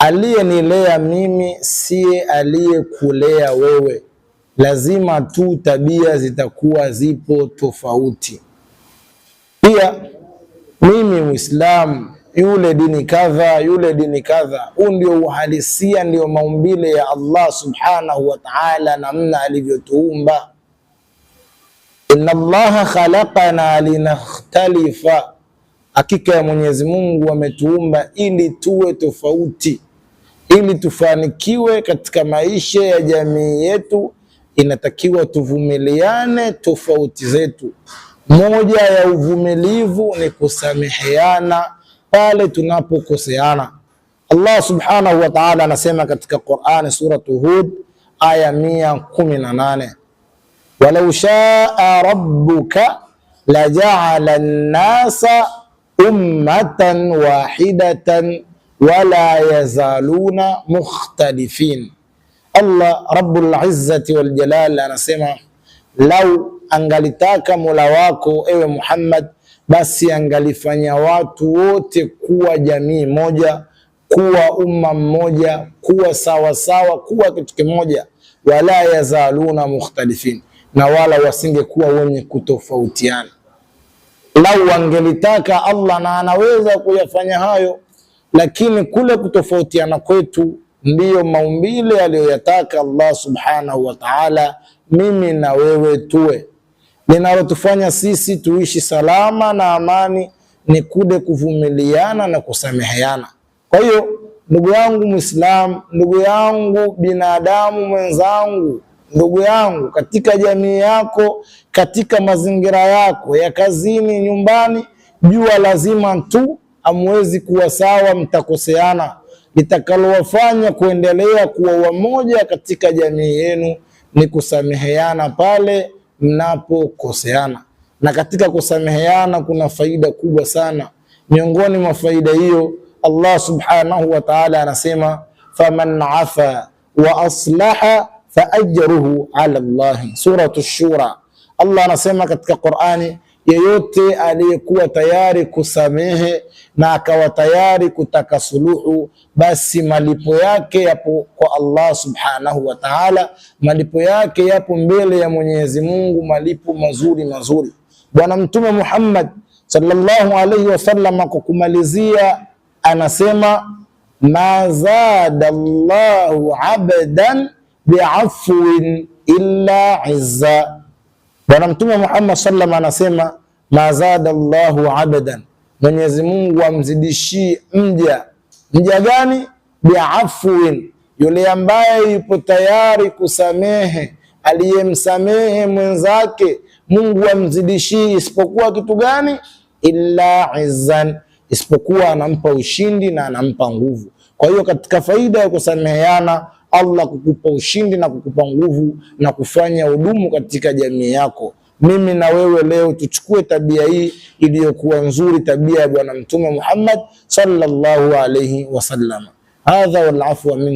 aliyenilea mimi siye aliyekulea wewe. Lazima tu tabia zitakuwa zipo tofauti. Pia mimi Muislamu, yule dini kadha, yule dini kadha. Huu ndio uhalisia, ndio maumbile ya Allah subhanahu wa ta'ala, namna alivyotuumba. Inna Allaha khalaqana linakhtalifa, hakika ya Mwenyezi Mungu ametuumba ili tuwe tofauti ili tufanikiwe katika maisha ya jamii yetu, inatakiwa tuvumiliane tofauti zetu. Moja ya uvumilivu ni kusameheana pale tunapokoseana. Allah subhanahu wa ta'ala anasema katika Qur'ani suratu Hud aya mia kumi na nane walau shaa rabbuka laja'ala an-nasa ummatan wahidatan wala yazaluna mukhtalifin. Allah Rabbul Izzati wal Jalal anasema lau angalitaka Mola wako ewe Muhammad, basi angalifanya watu wote kuwa jamii moja, kuwa umma mmoja, kuwa sawasawa, kuwa kitu kimoja, wala yazaluna mukhtalifin, na wala wasingekuwa wenye kutofautiana. Lau angelitaka Allah, na anaweza kuyafanya hayo lakini kule kutofautiana kwetu ndiyo maumbile aliyoyataka Allah subhanahu wa ta'ala, mimi na wewe tuwe. Linalotufanya sisi tuishi salama na amani ni kude kuvumiliana na kusameheana. Kwa hiyo ndugu yangu Muislamu, ndugu yangu binadamu mwenzangu, ndugu yangu katika jamii yako, katika mazingira yako ya kazini, nyumbani, jua lazima tu hamwezi kuwa sawa, mtakoseana. Litakalowafanya kuendelea kuwa wamoja katika jamii yenu ni kusameheana pale mnapokoseana, na katika kusameheana kuna faida kubwa sana. Miongoni mwa faida hiyo, Allah subhanahu wa ta'ala anasema faman afa wa aslaha fa ajruhu ala Allah, suratu Shura. Allah anasema katika Qur'ani yeyote aliyekuwa tayari kusamehe na akawa tayari kutaka suluhu, basi malipo yake yapo kwa Allah subhanahu wa ta'ala, malipo yake yapo mbele ya Mwenyezi Mungu, malipo mazuri mazuri. Bwana Mtume Muhammad sallallahu alayhi wasallam, kwa kumalizia, anasema ma zada Allahu abdan bi'afwin illa izza Bwana Mtume Muhammad sallam anasema mazada llahu abadan, Mwenyezi Mungu amzidishie mja. Mja gani? Biafwin, yule ambaye yupo tayari kusamehe, aliyemsamehe mwenzake Mungu amzidishie, isipokuwa kitu gani? Illa izzan, isipokuwa anampa ushindi na anampa nguvu. Kwa hiyo katika faida ya kusameheana, Allah kukupa ushindi na kukupa nguvu na kufanya udumu katika jamii yako. Mimi na wewe leo tuchukue tabia hii iliyokuwa nzuri, tabia ya Bwana Mtume Muhammad sallallahu alayhi wasallam. Hadha wal afwa min